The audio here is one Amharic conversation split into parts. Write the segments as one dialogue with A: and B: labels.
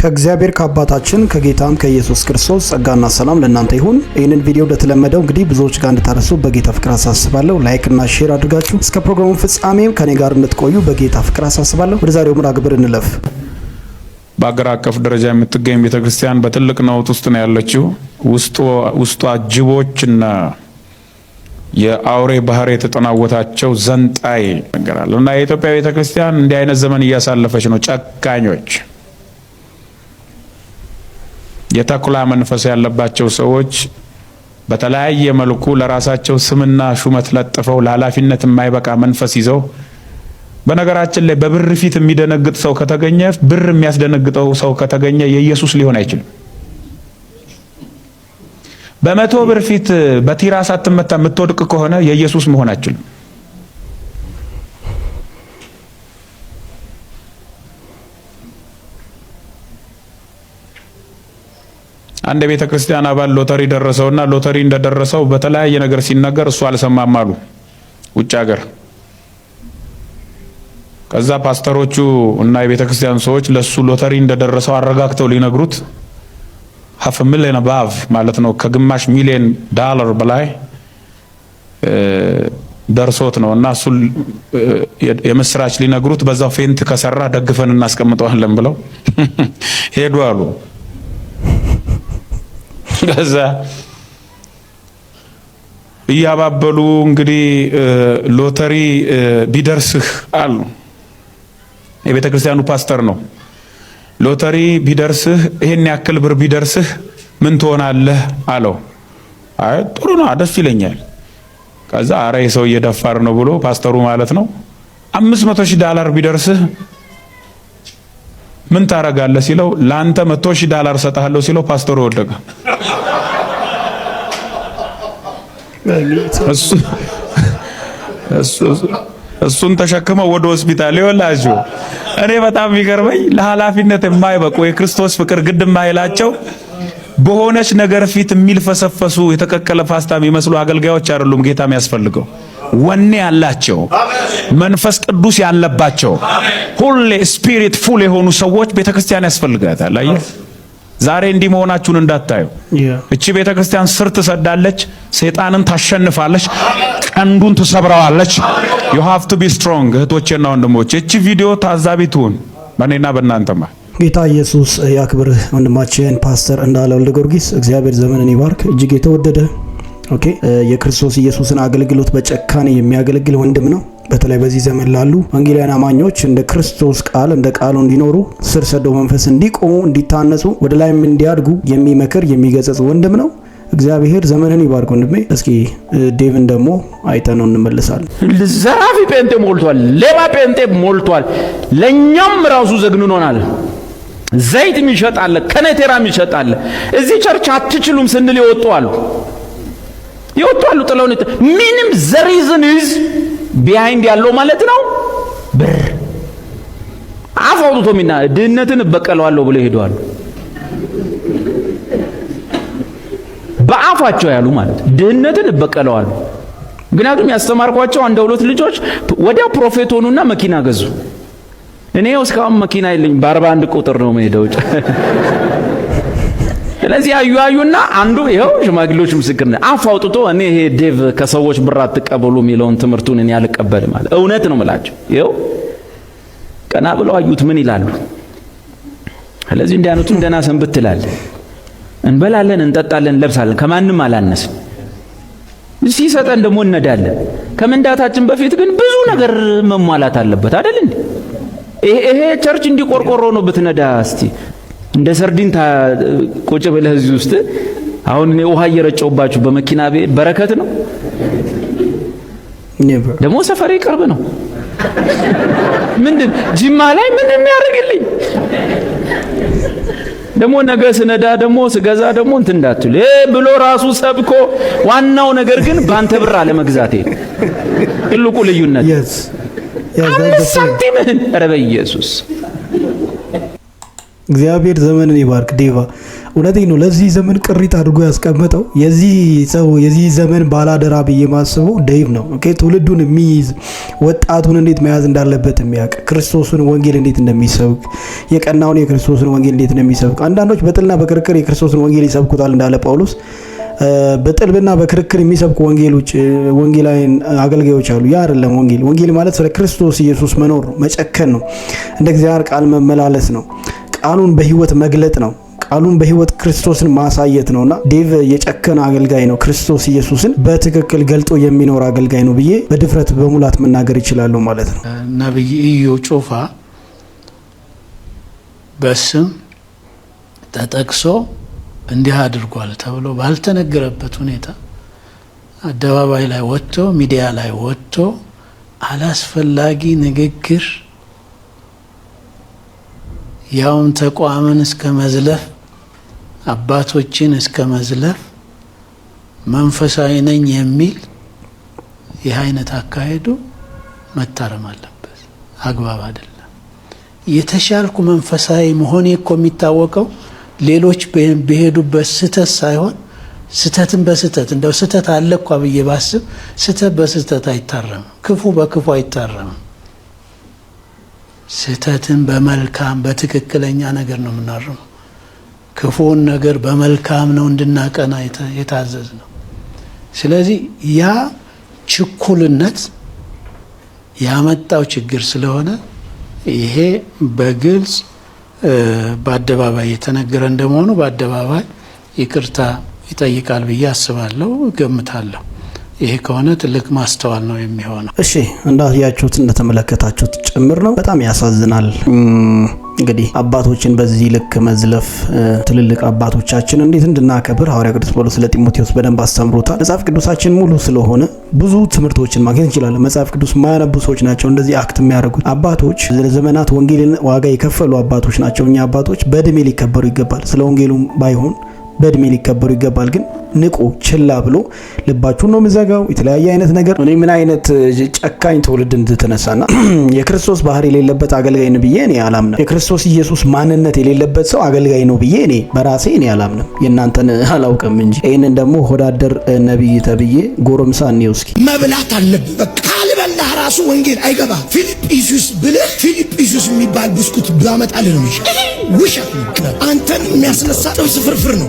A: ከእግዚአብሔር ከአባታችን ከጌታም ከኢየሱስ ክርስቶስ ጸጋና ሰላም ለእናንተ ይሁን። ይህንን ቪዲዮ እንደተለመደው እንግዲህ ብዙዎች ጋር እንድታደርሱ በጌታ ፍቅር አሳስባለሁ። ላይክ እና ሼር አድርጋችሁ እስከ ፕሮግራሙ ፍጻሜም ከኔ ጋር እንድትቆዩ በጌታ ፍቅር አሳስባለሁ። ወደ ዛሬው ምራ ግብር እንለፍ።
B: በአገር አቀፍ ደረጃ የምትገኝ ቤተክርስቲያን በትልቅ ነውጥ ውስጥ ነው ያለችው። ውስጧ ጅቦችና የአውሬ ባህር የተጠናወታቸው ዘንጣይ ነገራል እና የኢትዮጵያ ቤተክርስቲያን እንዲህ አይነት ዘመን እያሳለፈች ነው። ጨካኞች የተኩላ መንፈስ ያለባቸው ሰዎች በተለያየ መልኩ ለራሳቸው ስምና ሹመት ለጥፈው ለኃላፊነት የማይበቃ መንፈስ ይዘው በነገራችን ላይ በብር ፊት የሚደነግጥ ሰው ከተገኘ ብር የሚያስደነግጠው ሰው ከተገኘ የኢየሱስ ሊሆን አይችልም። በመቶ ብር ፊት በቲራ ሳትመታ የምትወድቅ ከሆነ የኢየሱስ መሆን አይችልም። አንድ የቤተ ክርስቲያን አባል ሎተሪ ደረሰውና ሎተሪ እንደደረሰው በተለያየ ነገር ሲነገር እሱ አልሰማም አሉ ውጭ ሀገር። ከዛ ፓስተሮቹ እና የቤተ ክርስቲያን ሰዎች ለሱ ሎተሪ እንደደረሰው አረጋግተው ሊነግሩት ሀፍ ሚሊየን ባቭ ማለት ነው ከግማሽ ሚሊየን ዳላር በላይ ደርሶት ነው እና እሱ የምስራች ሊነግሩት በዛው ፌንት ከሰራ ደግፈን እናስቀምጠዋለን ብለው ሄዱ አሉ። ለዛ እያባበሉ እንግዲህ ሎተሪ ቢደርስህ አሉ። የቤተ ክርስቲያኑ ፓስተር ነው። ሎተሪ ቢደርስህ ይሄን ያክል ብር ቢደርስህ ምን ትሆናለህ አለው። አይ ጥሩ ነው ደስ ይለኛል። ከዛ አረ የሰው እየደፋር ነው ብሎ ፓስተሩ ማለት ነው አምስት መቶ ሺህ ዳላር ቢደርስህ ምን ታረጋለህ ሲለው ለአንተ መቶ ሺህ ዳላር ሰጥሃለሁ ሲለው ፓስተሩ ወደቀ። እሱን ተሸክመው ወደ ሆስፒታል ይወላጁ። እኔ በጣም የሚገርመኝ ለኃላፊነት የማይበቁ የክርስቶስ ፍቅር ግድ የማይላቸው በሆነች ነገር ፊት የሚልፈሰፈሱ የተቀቀለ ፓስታ የሚመስሉ አገልጋዮች አይደሉም ጌታ የሚያስፈልገው። ወኔ ያላቸው መንፈስ ቅዱስ ያለባቸው ሁሌ ስፒሪት ፉል የሆኑ ሰዎች ቤተ ክርስቲያን ያስፈልጋታል። አየህ፣ ዛሬ እንዲህ መሆናችሁን እንዳታዩ። እቺ ቤተ ክርስቲያን ስር ትሰዳለች፣ ሰይጣንን ታሸንፋለች፣ ቀንዱን ትሰብረዋለች። ዩ ሃቭ ቱ ቢ ስትሮንግ። እህቶቼና ወንድሞቼ እቺ ቪዲዮ ታዛቢ ትሁን በእኔና በእናንተማ
A: ጌታ ኢየሱስ ያክብር። ወንድማችን ፓስተር እንዳለ ወልደ ጊዮርጊስ እግዚአብሔር ዘመንን ይባርክ። እጅግ የተወደደ ኦኬ የክርስቶስ ኢየሱስን አገልግሎት በጨካኔ የሚያገለግል ወንድም ነው። በተለይ በዚህ ዘመን ላሉ ወንጌላውያን አማኞች እንደ ክርስቶስ ቃል እንደ ቃሉ እንዲኖሩ ስር ሰዶ መንፈስ እንዲቆሙ፣ እንዲታነጹ፣ ወደ ላይም እንዲያድጉ የሚመክር የሚገጸጽ ወንድም ነው። እግዚአብሔር ዘመንን ይባርክ ወንድሜ። እስኪ ዴቭን ደግሞ አይተነው እንመልሳለን።
B: ዘራፊ ጴንጤ ሞልቷል፣ ሌባ ጴንጤ ሞልቷል። ለእኛም ራሱ ዘግንኖናል። ዘይት የሚሸጣለ ከነቴራ የሚሸጣለ እዚህ ቸርች አትችሉም ስንል ይወጡ አሉ ይወጣሉ ጥለውን ምንም ዘሪዝን ይዝ ቢሃይንድ ያለው ማለት ነው ብር አፍ አውጥቶ ሚና ድህነትን እበቀለዋለሁ ብሎ ይሄደዋሉ። በአፋቸው ያሉ ማለት ድህነትን እበቀለዋለሁ። ምክንያቱም ያስተማርኳቸው አንድ ሁለት ልጆች ወዲያ ፕሮፌት ሆኑና መኪና ገዙ። እኔ እስካሁን መኪና የለኝም። በአርባ አንድ ቁጥር ነው መሄደው ስለዚህ አዩ አዩና አንዱ ይኸው ሽማግሌዎች ምስክር ነው። አፍ አውጥቶ እኔ ይሄ ዴቭ ከሰዎች ብር አትቀበሉ የሚለውን ትምህርቱን እኔ አልቀበልም አለ። እውነት ነው ምላቸው። ይኸው ቀና ብለው አዩት። ምን ይላሉ? ስለዚህ እንዲያኑትን ደህና ሰንብት ትላለን፣ እንበላለን፣ እንጠጣለን፣ እንለብሳለን፣ ከማንም አላነስም? ሲሰጠን ደግሞ እነዳለን። ከመንዳታችን በፊት ግን ብዙ ነገር መሟላት አለበት አይደል እንዴ? ይሄ ቸርች እንዲቆርቆሮ ነው ብትነዳ እስቲ እንደ ሰርዲን ቁጭ ብለህ እዚህ ውስጥ አሁን እኔ ውሃ እየረጨውባችሁ በመኪና ቤት በረከት ነው። ደግሞ ሰፈሪ ቅርብ ነው። ምንድን ጅማ ላይ ምን የሚያደርግልኝ ደግሞ ነገ ስነዳ ደግሞ ስገዛ ደግሞ እንትን እንዳትሉ ብሎ ራሱ ሰብኮ፣ ዋናው ነገር ግን በአንተ ብር አለመግዛቴ ትልቁ ልዩነት። አምስት ሳንቲምህን ረበ ኢየሱስ
A: እግዚአብሔር ዘመንን ይባርክ። ዴቫ እውነቴ ነው። ለዚህ ዘመን ቅሪት አድርጎ ያስቀመጠው የዚህ ሰው የዚህ ዘመን ባላደራ ብዬ ማስበው ዴቭ ነው። ትውልዱን የሚይዝ ወጣቱን እንዴት መያዝ እንዳለበት የሚያውቅ ክርስቶስን ወንጌል እንዴት እንደሚሰብክ የቀናውን የክርስቶስን ወንጌል እንዴት እንደሚሰብክ አንዳንዶች በጥልና በክርክር የክርስቶስን ወንጌል ይሰብኩታል እንዳለ ጳውሎስ በጥልብና በክርክር የሚሰብኩ ወንጌሎች ወንጌላዊን አገልጋዮች አሉ። ያ አይደለም ወንጌል። ወንጌል ማለት ስለ ክርስቶስ ኢየሱስ መኖር መጨከን ነው። እንደ እግዚአብሔር ቃል መመላለስ ነው። ቃሉን በህይወት መግለጥ ነው። ቃሉን በህይወት ክርስቶስን ማሳየት ነውና ዴቭ የጨከነ አገልጋይ ነው። ክርስቶስ ኢየሱስን በትክክል ገልጦ የሚኖር አገልጋይ ነው ብዬ በድፍረት በሙላት መናገር ይችላሉ ማለት ነው።
C: ነቢይ ኢዮ ጩፋ በስም ተጠቅሶ እንዲህ አድርጓል ተብሎ ባልተነገረበት ሁኔታ አደባባይ ላይ ወጥቶ ሚዲያ ላይ ወጥቶ አላስፈላጊ ንግግር ያውም ተቋምን እስከ መዝለፍ፣ አባቶችን እስከ መዝለፍ መንፈሳዊ ነኝ የሚል ይህ አይነት አካሄዱ መታረም አለበት። አግባብ አይደለም። የተሻልኩ መንፈሳዊ መሆኔ እኮ የሚታወቀው ሌሎች በሄዱበት ስህተት ሳይሆን ስህተትን በስህተት እንደው ስህተት አለ እኳ ብዬ ባስብ ስህተት በስህተት አይታረምም። ክፉ በክፉ አይታረምም። ስህተትን በመልካም በትክክለኛ ነገር ነው የምናርመው። ክፉውን ነገር በመልካም ነው እንድናቀና የታዘዝ ነው። ስለዚህ ያ ችኩልነት ያመጣው ችግር ስለሆነ ይሄ በግልጽ በአደባባይ የተነገረ እንደመሆኑ በአደባባይ ይቅርታ ይጠይቃል ብዬ አስባለሁ፣ ገምታለሁ። ይሄ ከሆነ ትልቅ ማስተዋል ነው የሚሆነው።
A: እሺ እንዳያችሁት እንደተመለከታችሁት ጭምር ነው። በጣም ያሳዝናል። እንግዲህ አባቶችን በዚህ ልክ መዝለፍ ትልልቅ አባቶቻችን እንዴት እንድናከብር ሐዋርያ ቅዱስ ጳውሎስ ለጢሞቴዎስ በደንብ አስተምሮታል። መጽሐፍ ቅዱሳችን ሙሉ ስለሆነ ብዙ ትምህርቶችን ማግኘት እንችላለን። መጽሐፍ ቅዱስ የማያነቡ ሰዎች ናቸው እንደዚህ አክት የሚያደርጉት አባቶች፣ ለዘመናት ወንጌልን ዋጋ የከፈሉ አባቶች ናቸው። እኛ አባቶች በእድሜ ሊከበሩ ይገባል። ስለ ወንጌሉም ባይሆን በእድሜ ሊከበሩ ይገባል። ግን ንቁ ችላ ብሎ ልባችሁን ነው የምዘጋው የተለያየ አይነት ነገር እኔ ምን አይነት ጨካኝ ትውልድ እንድትነሳና የክርስቶስ ባህሪ የሌለበት አገልጋይ ነው ብዬ እኔ አላምንም። የክርስቶስ ኢየሱስ ማንነት የሌለበት ሰው አገልጋይ ነው ብዬ እኔ በራሴ እኔ አላምንም። የእናንተን አላውቅም እንጂ ይህንን ደግሞ ሆዳደር ነቢይ ተብዬ ጎረምሳ እኔው እስኪ
B: መብላት አለብኝ በቃ ከበላህ ራሱ ወንጌል አይገባ። ፊልጵስዩስ ብልህ ፊልጵስዩስ የሚባል ብስኩት ባመጣልህ ነው የሚሻል። ውሸት አንተን የሚያስነሳ ጥብስ ፍርፍር ነው።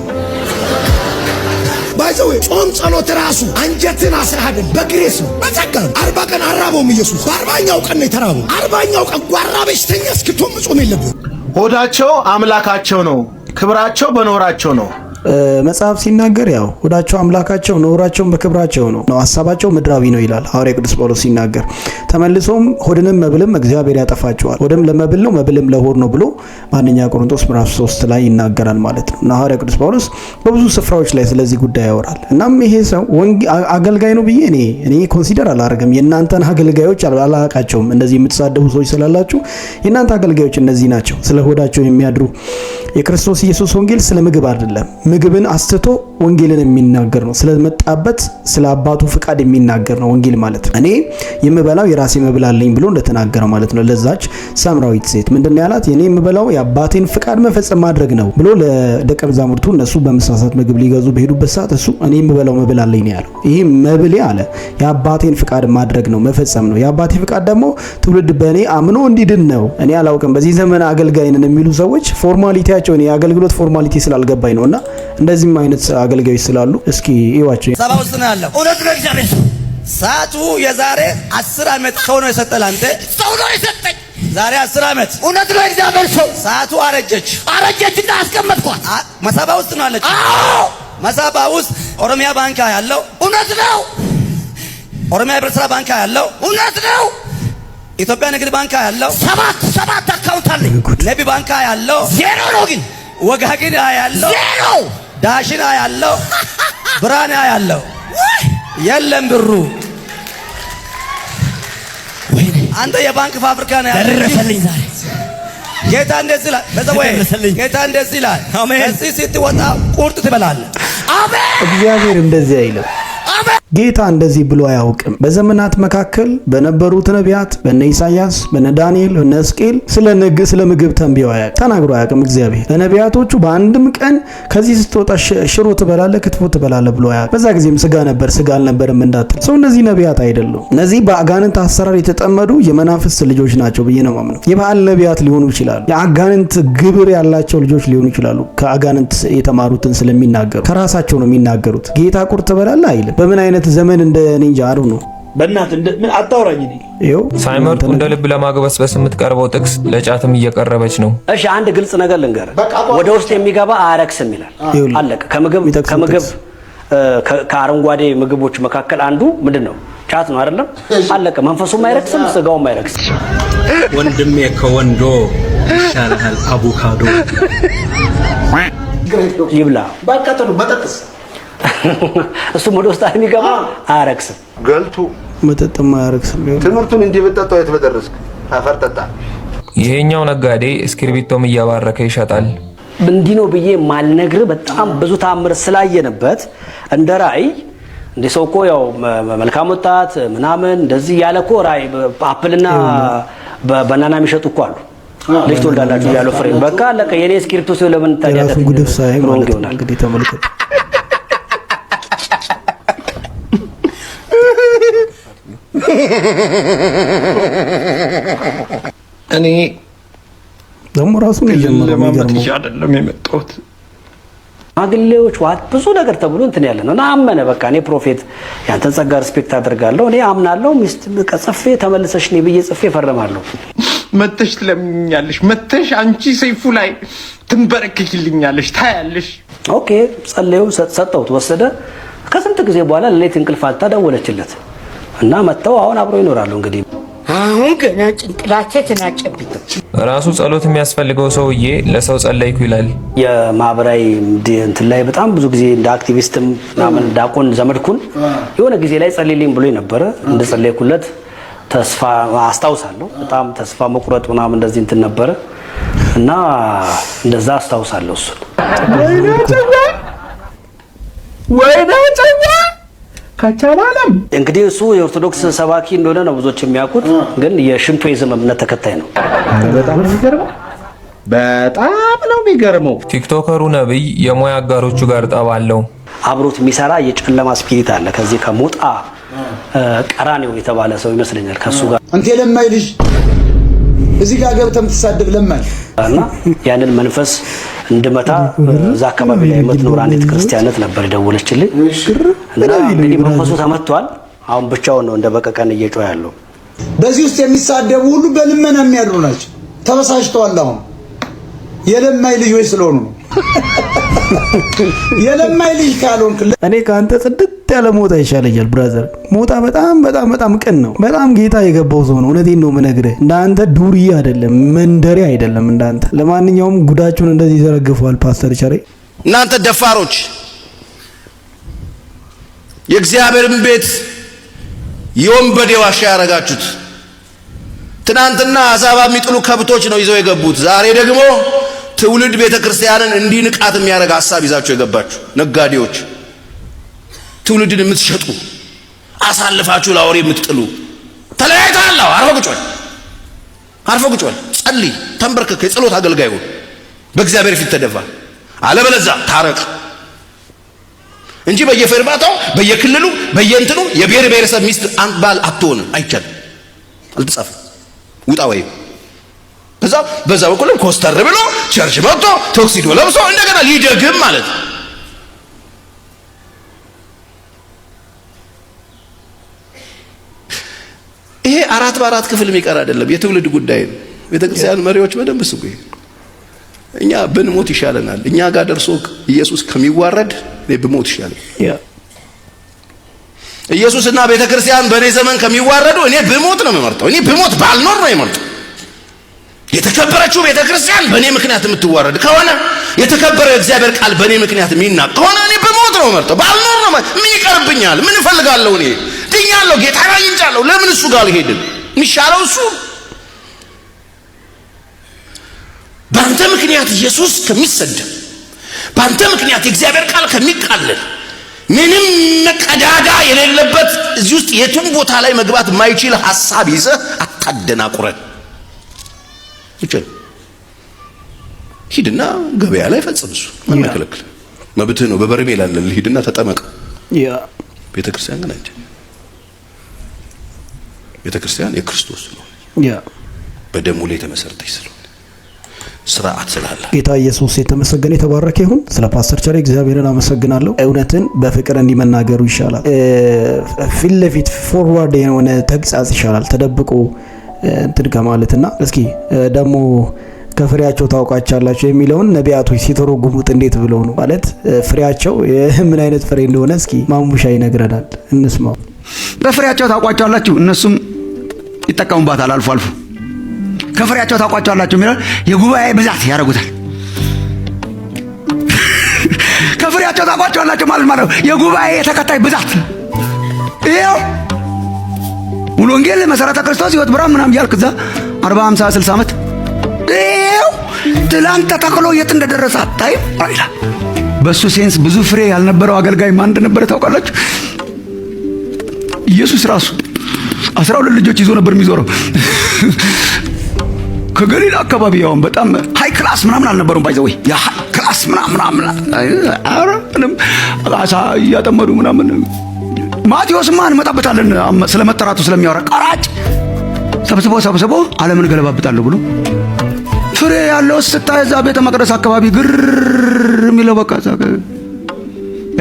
B: ባይዘው ጾም ጸሎት ራሱ አንጀትን አስራሃደን በግሬስ ነው በጸጋ አርባ ቀን አራበውም ኢየሱስ። በአርባኛው ቀን ነው የተራበው። አርባኛው ቀን ጓራ በሽተኛ እስክቶም ጾም የለብህም። ሆዳቸው አምላካቸው ነው፣ ክብራቸው በኖራቸው ነው።
A: መጽሐፍ ሲናገር ያው ሆዳቸው አምላካቸው ነውራቸውን በክብራቸው ነው ነው ሀሳባቸው ምድራዊ ነው ይላል ሐዋርያ ቅዱስ ጳውሎስ ሲናገር። ተመልሶም ሆድንም መብልም እግዚአብሔር ያጠፋቸዋል፣ ሆድም ለመብል ነው መብልም ለሆድ ነው ብሎ ማንኛ ቆሮንቶስ ምዕራፍ 3 ላይ ይናገራል ማለት ነው። እና ሐዋርያ ቅዱስ ጳውሎስ በብዙ ስፍራዎች ላይ ስለዚህ ጉዳይ ያወራል። እናም ይሄ ሰው አገልጋይ ነው ብዬ እኔ እኔ ኮንሲደር አላደርግም። የእናንተን አገልጋዮች አላቃቸውም። እንደዚህ የምትሳደቡ ሰዎች ስላላችሁ የእናንተ አገልጋዮች እነዚህ ናቸው። ስለ ሆዳቸው የሚያድሩ የክርስቶስ ኢየሱስ ወንጌል ስለ ምግብ አይደለም። ምግብን አስትቶ ወንጌልን የሚናገር ነው። ስለመጣበት ስለ አባቱ ፍቃድ የሚናገር ነው ወንጌል ማለት ነው። እኔ የምበላው የራሴ መብላለኝ ብሎ እንደተናገረ ማለት ነው። ለዛች ሳምራዊት ሴት ምንድነው ያላት? እኔ የምበላው የአባቴን ፍቃድ መፈጸም ማድረግ ነው ብሎ ለደቀ መዛሙርቱ እነሱ በመሳሳት ምግብ ሊገዙ በሄዱበት ሰዓት እሱ እኔ የምበላው መብላለኝ ነው ያለው። ይህ መብሌ አለ የአባቴን ፍቃድ ማድረግ ነው መፈጸም ነው። የአባቴ ፍቃድ ደግሞ ትውልድ በእኔ አምኖ እንዲድን ነው። እኔ አላውቅም በዚህ ዘመን አገልጋይንን የሚሉ ሰዎች ፎርማሊቲያቸው የአገልግሎት ፎርማሊቲ ስላልገባኝ ነውና እንደዚህም አይነት አገልጋዮች ስላሉ እስኪ ይዋቸው።
B: ሰባ ውስጥ ነው ያለው እውነት ነው። እግዚአብሔር ሰዓቱ የዛሬ አስር ዓመት ሰው ነው የሰጠ ለአንተ ሰው ነው የሰጠኝ ዛሬ አስር ዓመት እውነት ነው። እግዚአብሔር ሰው ሰዓቱ አረጀች አረጀች እና አስቀመጥኳት። መሳባ ውስጥ ነው አለች። አዎ መሳባ ውስጥ ኦሮሚያ ባንክ ያለው እውነት ነው። ኦሮሚያ ህብረት ስራ ባንክ ያለው እውነት ነው። ኢትዮጵያ ንግድ ባንክ ያለው ሰባት ሰባት አካውንት አለኝ። ነቢ ባንክ ያለው ዜሮ ነው ግን ወጋግን ያለው ዜሮ ዳሽን ያለው ብራን ያለው የለም ብሩ አንተ የባንክ ፋብሪካ ነው
A: ያለው። ደረሰልኝ ዛሬ
B: ጌታ እንደዚህ ይላል። በዘወይ ጌታ እንደዚህ ይላል። አሜን። እዚህ ስትወጣ ቁርጥ ትበላለህ። አሜን።
A: እግዚአብሔር እንደዚህ አይልም። ጌታ እንደዚህ ብሎ አያውቅም። በዘመናት መካከል በነበሩት ነቢያት በነ ኢሳያስ፣ በነ ዳንኤል፣ በነ ሕዝቅኤል ስለ ንግ ስለ ምግብ ተንብዮ አያውቅም፣ ተናግሮ አያውቅም። እግዚአብሔር ለነቢያቶቹ በአንድም ቀን ከዚህ ስትወጣ ሽሮ ትበላለ፣ ክትፎ ትበላለ ብሎ አያውቅም። በዛ ጊዜም ስጋ ነበር፣ ስጋ አልነበረም እንዳትል ሰው። እነዚህ ነቢያት አይደሉም። እነዚህ በአጋንንት አሰራር የተጠመዱ የመናፍስ ልጆች ናቸው ብዬ ነው የማምነው። የበዓል ነቢያት ሊሆኑ ይችላሉ። የአጋንንት ግብር ያላቸው ልጆች ሊሆኑ ይችላሉ። ከአጋንንት የተማሩትን ስለሚናገሩ ከራሳቸው ነው የሚናገሩት። ጌታ ቁርጥ ትበላለ አይልም። በምን አይነት ዘመን እንደ ኒንጃ አሩ ነው።
B: በእናት ምን እንደ ልብ ለማግበስበስ የምትቀርበው ጥቅስ ለጫትም እየቀረበች ነው። እሺ አንድ ግልጽ ነገር ልንገር፣ ወደ ውስጥ የሚገባ አያረክስም ይላል። አለቀ። ከምግብ ከምግብ ከአረንጓዴ ምግቦች መካከል አንዱ ምንድን ነው? ጫት ነው አይደለም? አለቀ። መንፈሱም አይረክስም፣ ስጋውም አይረክስም።
C: ወንድሜ ከወንዶ ይሻልሃል አቮካዶ
B: ይብላ። እሱ ወደ ውስጥ የሚገባ አያረክስም።
C: ገልቱ መጠጥም አያረክስም። ትምህርቱን እንዲህ ብጠጣው የት በደረስክ አፈር ጠጣ።
B: ይሄኛው ነጋዴ እስክሪብቶም እያባረከ ይሸጣል። እንዲህ ነው ብዬ ማልነግር በጣም ብዙ ታምር ስላየንበት እንደ ራእይ እንደ ሰው እኮ ያው መልካም ወጣት ምናምን እንደዚህ ያለ እኮ ራእይ አፕልና በናና የሚሸጡ እኮ አሉ ልጅ ትወልዳላችሁ ያለው ፍሬ በቃ አለቀ። የኔ እስክሪፕቶ ሲሆን ለምን
A: ታዲያ ጉድፍ ሳይ ማለት ነው።
B: እኔ
A: ደግሞ ራሱ
C: አይደለም የመጣሁት።
B: ሽማግሌዎች ዋት ብዙ ነገር ተብሎ እንትን ያለ ነው እና አመነ። በቃ እኔ ፕሮፌት ያንተ ጸጋ ሪስፔክት አድርጋለሁ፣ እኔ አምናለሁ። ሚስት ጽፌ ተመልሰሽ እኔ ብዬ ጽፌ እፈርማለሁ።
C: መተሽ ትለምኛለሽ፣ መተሽ አንቺ ሰይፉ ላይ ትንበረክክልኛለሽ። ታያለሽ።
B: ኦኬ ጸለዩ፣ ሰጠሁት፣ ወሰደ። ከስንት ጊዜ በኋላ ሌሊት እንቅልፍ አልታ ደወለችለት። እና መጥተው አሁን አብሮ ይኖራሉ። እንግዲህ
C: አሁን ገና ጭንቅላቴ
B: ተናጨብኝ። ራሱ ጸሎት የሚያስፈልገው ሰውዬ ለሰው ጸለይኩ ይላል። የማህበራዊ እንትን ላይ በጣም ብዙ ጊዜ እንደ አክቲቪስትም ምናምን ዳቆን ዘመድኩን የሆነ ጊዜ ላይ ጸልልኝ ብሎ ነበረ። እንደ ጸለይኩለት ተስፋ አስታውሳለሁ። በጣም ተስፋ መቁረጥ ምናምን እንደዚህ እንትን ነበረ እና እንደዛ አስታውሳለሁ እሱን
C: ወይናት ከቻለ አለም
B: እንግዲህ እሱ የኦርቶዶክስ ሰባኪ እንደሆነ ነው ብዙዎች የሚያውቁት፣ ግን የሽንቶይዝም እምነት ተከታይ ነው። በጣም
C: የሚገርመው በጣም ነው የሚገርመው።
B: ቲክቶከሩ ነብይ የሙያ አጋሮቹ ጋር ጠባለው አብሮት የሚሰራ የጨለማ ስፒሪት አለ። ከዚህ ከሞጣ ቀራኔው የተባለ ሰው ይመስለኛል ከሱ ጋር
C: አንተ የለማኝ ልጅ እዚህ ጋር ገብተህ የምትሳደብ ለማኝ
B: እና ያንን መንፈስ እንድመታ እዛ አካባቢ ላይ የምትኖር አንዲት ክርስቲያነት ነበር የደወለችልኝ። እና እንግዲህ መንፈሱ ተመቷል። አሁን ብቻውን ነው እንደ በቀቀን እየጮ ያለው።
C: በዚህ ውስጥ የሚሳደቡ ሁሉ በልመና የሚያድሩ ናቸው። ተበሳጭተዋል አሁን የለማይ ልጆች ስለሆኑ ነው። የለማይ ልጅ ካልሆንክ
A: እኔ ከአንተ ጽድት ያለ ሞታ ይሻለኛል ብራዘር። ሞታ በጣም በጣም በጣም ቅን ነው። በጣም ጌታ የገባው ሰው ነው። እውነቴን ነው የምነግርህ። እንዳንተ ዱርዬ አይደለም፣ መንደሬ አይደለም እንዳንተ። ለማንኛውም ጉዳችሁን እንደዚህ ዘረግፈዋል። ፓስተር ቸሬ፣
B: እናንተ ደፋሮች የእግዚአብሔርን ቤት የወንበዴ ዋሻ ያደረጋችሁት ትናንትና አሳባ የሚጥሉ ከብቶች ነው ይዘው የገቡት። ዛሬ ደግሞ ትውልድ ቤተ ክርስቲያንን እንዲንቃት የሚያደርግ ሀሳብ ይዛችሁ የገባችሁ ነጋዴዎች፣ ትውልድን የምትሸጡ አሳልፋችሁ ለአውሬ የምትጥሉ ተለያይተሃል። አርፈ ቁጭ አርፈ ግጮል፣ ጸልይ፣ ተንበርክክ፣ የጸሎት አገልጋይ ሁን፣ በእግዚአብሔር ፊት ተደፋ። አለበለዛ ታረቅ እንጂ በየፌርባታው በየክልሉ በየእንትኑ የብሔር ብሔረሰብ ሚስት ባል አትሆን አይቻልም፣ አልተጻፈም። ውጣ ወይም እዛ በዛ በኩልም ኮስተር ብሎ ቸርች መጥቶ ቶክሲዶ ለብሶ እንደገና ሊደግም ማለት ይሄ አራት በአራት ክፍል የሚቀር አይደለም፣ የትውልድ ጉዳይ ነው። ቤተክርስቲያን መሪዎች በደንብ ስጉ። እኛ ብንሞት ይሻለናል። እኛ ጋር ደርሶ ኢየሱስ ከሚዋረድ ብሞት ይሻለኝ። ኢየሱስና ቤተክርስቲያን በእኔ ዘመን ከሚዋረዱ እኔ ብሞት ነው የምመርጠው። እኔ ብሞት ባልኖር ነው የምመርጠው። የተከበረችው ቤተ ክርስቲያን በእኔ ምክንያት የምትዋረድ ከሆነ የተከበረ እግዚአብሔር ቃል በእኔ ምክንያት የሚናቅ ከሆነ እኔ በሞት ነው መርጠው ባልኖር ነው። ምን ይቀርብኛል? ምን እፈልጋለሁ? እኔ ድኛለሁ፣ ጌታ አግኝቻለሁ። ለምን እሱ ጋር አልሄድም? የሚሻለው እሱ በአንተ ምክንያት ኢየሱስ ከሚሰደብ በአንተ ምክንያት የእግዚአብሔር ቃል ከሚቃለል ምንም መቀዳዳ የሌለበት እዚህ ውስጥ የቱም ቦታ ላይ መግባት የማይችል ሀሳብ ይዘህ አታደናቁረን። ብቻ ሂድና ገበያ ላይ ፈጽም። እሱ ማን ያከለክል? መብትህ ነው። በበርሜል አለ ሂድና ተጠመቅ። ያ ቤተ ክርስቲያን ግን አንቺ ቤተ ክርስቲያን የክርስቶስ ነው። ያ በደሙ ላይ የተመሰረተች ስለሆነ ስርዓት ስላለ
A: ጌታ ኢየሱስ የተመሰገነ የተባረከ ይሁን። ስለ ፓስተር ቸሬ እግዚአብሔርን አመሰግናለሁ። እውነትን በፍቅር እንዲመናገሩ ይሻላል። ፊት ለፊት ፎርዋርድ የሆነ ተግጻጽ ይሻላል ተደብቆ እንትን ከማለትና እስኪ ደግሞ ከፍሬያቸው ታውቋቸዋላችሁ የሚለውን ነቢያቶች ሲተረጉሙት እንዴት ብለው ነው ማለት ፍሬያቸው ምን አይነት ፍሬ እንደሆነ እስኪ ማሙሻ ይነግረናል። እንስማው።
B: በፍሬያቸው ታውቋቸዋላችሁ፣ እነሱም ይጠቀሙባታል አልፎ አልፎ። ከፍሬያቸው ታውቋቸዋላችሁ የሚለው የጉባኤ ብዛት ያደርጉታል። ከፍሬያቸው ታውቋቸዋላችሁ ማለት ማለት የጉባኤ የተከታይ ብዛት ይኸው ሙሉ ወንጌል መሰረተ ክርስቶስ ህይወት ብርሃን ምናም እያልክ እዛ 40 50 60 ዓመት ይኸው ትላንት ተተክሎ የት እንደደረሰ አታይም ይላል። በእሱ ሴንስ ብዙ ፍሬ ያልነበረው አገልጋይ ማን እንደነበረ ታውቃላችሁ? ኢየሱስ ራሱ አስራ ሁለት ልጆች ይዞ ነበር የሚዞረው ከገሊላ አካባቢ ያውን በጣም ሃይ ክላስ ምናምን አልነበሩም። ባይዘ ወይ ያ ሃይ ክላስ ምናምን ምናምን አሳ እያጠመዱ ምናምን ማቴዎስማ እንመጣበታለን ስለ መጠራቱ ስለሚያወራ ቀራጭ ሰብስቦ ሰብስቦ ዓለምን ገለባብጣለሁ ብሎ ፍሬ ያለው ስታይ እዛ ቤተ መቅደስ አካባቢ ግር የሚለው በቃ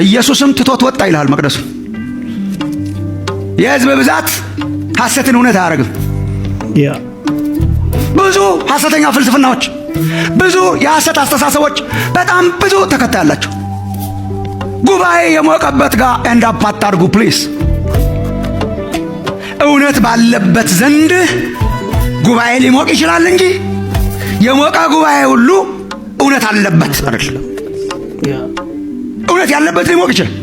B: ኢየሱስም ትቶት ወጣ ይልሃል። መቅደሱ የህዝብ ብዛት ሐሰትን እውነት አያደርግም። ብዙ ሐሰተኛ ፍልስፍናዎች፣ ብዙ የሐሰት አስተሳሰቦች፣ በጣም ብዙ ተከታይ አላቸው። ጉባኤ የሞቀበት ጋር እንዳፓታርጉ ፕሊስ። እውነት ባለበት ዘንድ ጉባኤ ሊሞቅ ይችላል እንጂ የሞቀ ጉባኤ ሁሉ እውነት አለበት አይደለም። እውነት ያለበት ሊሞቅ ይችላል፣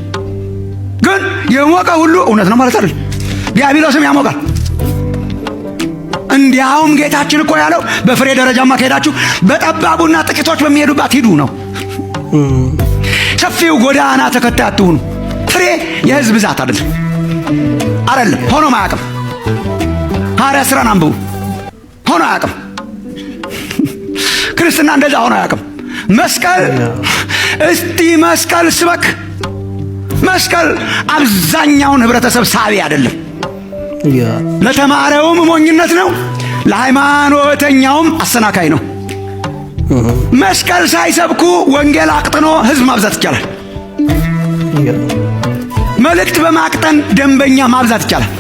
B: ግን የሞቀ ሁሉ እውነት ነው ማለት አይደለም። ዲያብሎስም ያሞቃል። እንዲያውም ጌታችን እኮ ያለው በፍሬ ደረጃማ ከሄዳችሁ በጠባቡና ጥቂቶች በሚሄዱባት ሂዱ ነው። ሰፊው ጎዳና ተከታይ አትሁኑ። ፍሬ የህዝብ ብዛት አይደለም አይደለም ሆኖ አያውቅም። ሐዋርያ ሥራን አንብቡ። ሆኖ አያውቅም። ክርስትና እንደዛ ሆኖ አያውቅም። መስቀል እስቲ መስቀል ስበክ። መስቀል አብዛኛውን ህብረተሰብ ሳቢ አይደለም። ለተማረውም ሞኝነት ነው፣ ለሃይማኖተኛውም አሰናካይ ነው። መስቀል ሳይሰብኩ ወንጌል አቅጥኖ ህዝብ ማብዛት ይቻላል። መልእክት በማቅጠን ደንበኛ ማብዛት ይቻላል።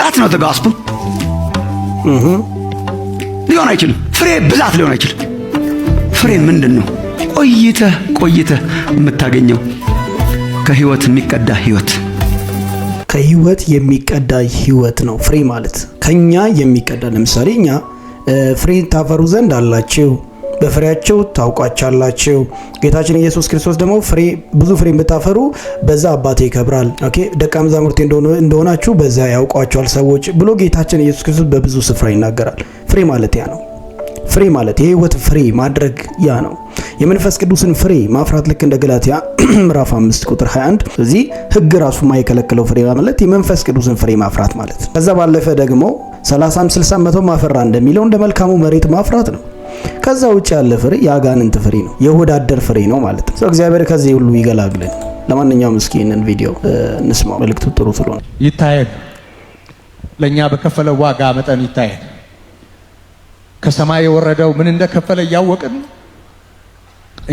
B: ጣት ነው ተጋስቡ ሊሆን አይችልም። ፍሬ ብዛት ሊሆን አይችልም። ፍሬ ምንድን ነው? ቆይተህ ቆይተህ የምታገኘው ከህይወት የሚቀዳ ህይወት
A: ከህይወት የሚቀዳ ህይወት ነው ፍሬ ማለት ከኛ የሚቀዳ ለምሳሌ እኛ ፍሬን ታፈሩ ዘንድ አላችሁ በፍሬያቸው ታውቋቻላችሁ። ጌታችን ኢየሱስ ክርስቶስ ደግሞ ፍሬ ብዙ ፍሬ የምታፈሩ በዛ አባቴ ይከብራል። ኦኬ ደቀ መዛሙርቴ እንደሆናችሁ በዛ ያውቋቸዋል ሰዎች ብሎ ጌታችን ኢየሱስ ክርስቶስ በብዙ ስፍራ ይናገራል። ፍሬ ማለት ያ ነው። ፍሬ ማለት የህይወት ፍሬ ማድረግ ያ ነው። የመንፈስ ቅዱስን ፍሬ ማፍራት ልክ እንደ ገላትያ ምዕራፍ 5 ቁጥር 21 እዚህ ህግ ራሱ የማይከለክለው ፍሬ ማለት የመንፈስ ቅዱስን ፍሬ ማፍራት ማለት ከዛ ባለፈ ደግሞ ሰላሳም ስልሳም መቶ ማፈራ እንደሚለው እንደ መልካሙ መሬት ማፍራት ነው። ከዛ ውጭ ያለ ፍሬ የአጋንንት ፍሬ ነው፣ የሆድ አደር ፍሬ ነው ማለት ነው። እግዚአብሔር ከዚህ ሁሉ ይገላግለን። ለማንኛውም እስኪ ይህንን ቪዲዮ እንስማው። መልእክቱ ጥሩ ስለሆነ
B: ይታየን፣ ለእኛ በከፈለው ዋጋ መጠን ይታየን። ከሰማይ የወረደው ምን እንደከፈለ እያወቅን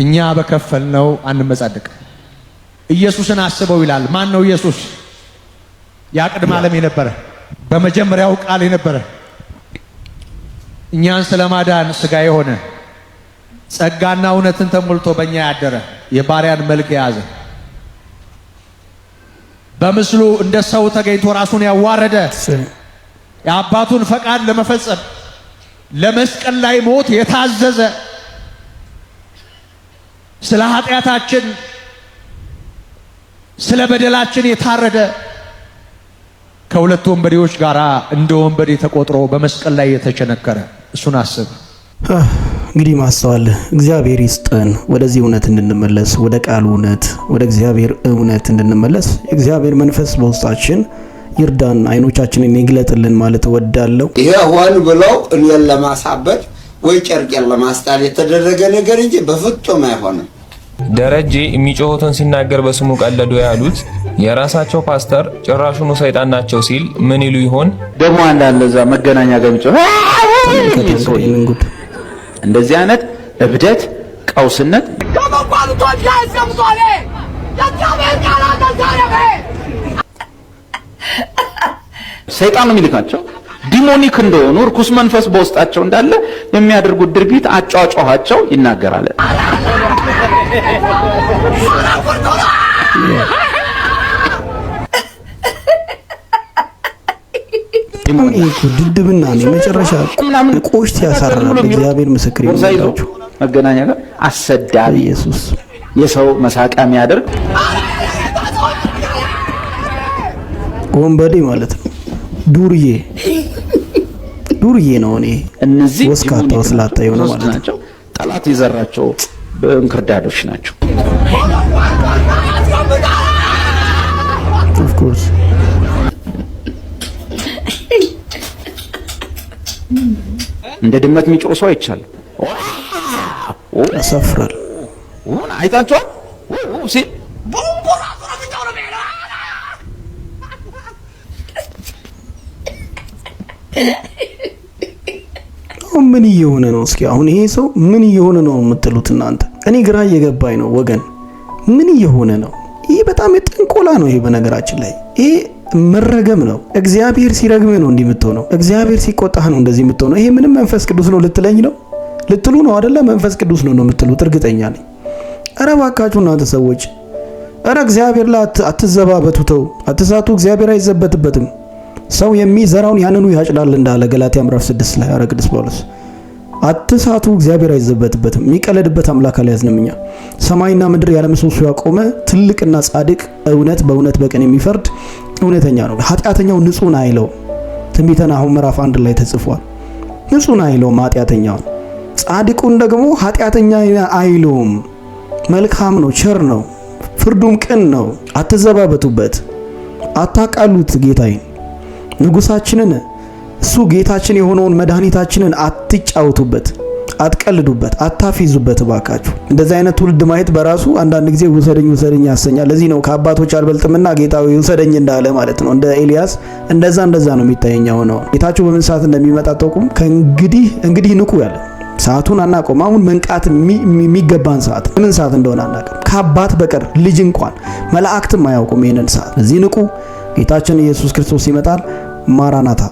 B: እኛ በከፈልነው አንመጻደቅ። ኢየሱስን አስበው ይላል። ማን ነው ኢየሱስ? ያ ቅድመ ዓለም የነበረ በመጀመሪያው ቃል የነበረ እኛን ስለማዳን ስጋ የሆነ ጸጋና እውነትን ተሞልቶ በእኛ ያደረ የባሪያን መልክ የያዘ በምስሉ እንደ ሰው ተገኝቶ ራሱን ያዋረደ የአባቱን ፈቃድ ለመፈጸም ለመስቀል ላይ ሞት የታዘዘ ስለ ኃጢአታችን ስለ በደላችን የታረደ ከሁለት ወንበዴዎች ጋር እንደ ወንበዴ ተቆጥሮ በመስቀል ላይ የተቸነከረ እሱን አስብ።
A: እንግዲህ ማስተዋል እግዚአብሔር ይስጠን። ወደዚህ እውነት እንድንመለስ፣ ወደ ቃሉ እውነት፣ ወደ እግዚአብሔር እውነት እንድንመለስ የእግዚአብሔር መንፈስ በውስጣችን ይርዳን፣ አይኖቻችንን ይግለጥልን ማለት እወዳለሁ።
B: ይሄ ሆን ብለው እኔን ለማሳበድ ወይ ጨርቄን ለማስጣል የተደረገ ነገር እንጂ በፍጹም አይሆንም። ደረጀ የሚጮሁትን ሲናገር በስሙ ቀለዶ ያሉት የራሳቸው ፓስተር ጭራሹኑ ሰይጣን ናቸው ሲል ምን ይሉ ይሆን? ደግሞ አንዳንድ ለዛ መገናኛ ገምጮ እንደዚህ አይነት እብደት ቀውስነት ሰይጣን ነው የሚልካቸው። ዲሞኒክ እንደሆኑ እርኩስ መንፈስ በውስጣቸው እንዳለ የሚያደርጉት ድርጊት አጫጫኋቸው ይናገራል። ይሄ ድድብና ነው። የመጨረሻ ቆሽት ያሳርራል። እግዚአብሔር ምስክር መገናኛ ጋር አሰዳቢ ኢየሱስ የሰው መሳቂያ የሚያደርግ ወንበዴ ማለት ነው። ዱርዬ ዱርዬ ነው። እኔ እነዚህ ማለት ናቸው። ጠላት የዘራቸው እንክርዳዶች ናቸው። እንደ ድመት የሚጮህ ሰው አይቻልም። ያሳፍራል። አይታችኋል ሲል ምን እየሆነ ነው? እስኪ አሁን ይሄ ሰው ምን እየሆነ ነው የምትሉት እናንተ? እኔ ግራ እየገባኝ ነው ወገን፣ ምን እየሆነ ነው? ይሄ በጣም የጥንቆላ ነው። ይሄ በነገራችን ላይ ይሄ መረገም ነው። እግዚአብሔር ሲረግም ነው እንዲህ የምትሆነው። እግዚአብሔር ሲቆጣህ ነው እንደዚህ የምትሆነው። ይሄ ምንም መንፈስ ቅዱስ ነው ልትለኝ ነው ልትሉ ነው አይደለ? መንፈስ ቅዱስ ነው ነው የምትሉት፣ እርግጠኛ ነኝ። ኧረ እባካችሁ እናንተ ሰዎች፣ ኧረ እግዚአብሔር ላይ አትዘባበቱ፣ ተው አትሳቱ። እግዚአብሔር አይዘበትበትም። ሰው የሚዘራውን ያንኑ ያጭላል እንዳለ ገላትያ ምዕራፍ 6 ላይ ኧረ ቅዱስ ጳውሎስ አትሳቱ፣ እግዚአብሔር አይዘበትበትም። የሚቀለድበት አምላክ አልያዝንም እኛ። ሰማይና ምድር ያለ ምሰሶ ያቆመ ትልቅና ጻድቅ፣ እውነት በእውነት በቀን የሚፈርድ እውነተኛ ነው። ኃጢአተኛው ንጹህ ነው አይለውም። ትንቢተ ናሁም ምዕራፍ አንድ ላይ ተጽፏል። ንጹህ ነው አይለውም ኃጢአተኛውን። ጻድቁን ደግሞ ኃጢአተኛ አይለውም። መልካም ነው፣ ቸር ነው፣ ፍርዱም ቅን ነው። አትዘባበቱበት፣ አታቃሉት ጌታዬን ንጉሳችንን እሱ ጌታችን የሆነውን መድኃኒታችንን አትጫወቱበት። አትቀልዱበት፣ አታፊዙበት እባካችሁ። እንደዚህ አይነት ትውልድ ማየት በራሱ አንዳንድ ጊዜ ውሰደኝ ውሰደኝ ያሰኛል። ለዚህ ነው ከአባቶች አልበልጥምና ጌታዊ ውሰደኝ እንዳለ ማለት ነው። እንደ ኤልያስ እንደዛ እንደዛ ነው የሚታየኝ። ሆነው ጌታችሁ በምን ሰዓት እንደሚመጣ ጠቁም። ከእንግዲህ እንግዲህ ንቁ ያለ ሰዓቱን አናቆም። አሁን መንቃት የሚገባን ሰዓት ምን ሰዓት እንደሆነ አናውቅም። ከአባት በቀር ልጅ እንኳን መላእክትም አያውቁም ይህንን ሰዓት። እዚህ ንቁ። ጌታችን ኢየሱስ ክርስቶስ ይመጣል። ማራናታ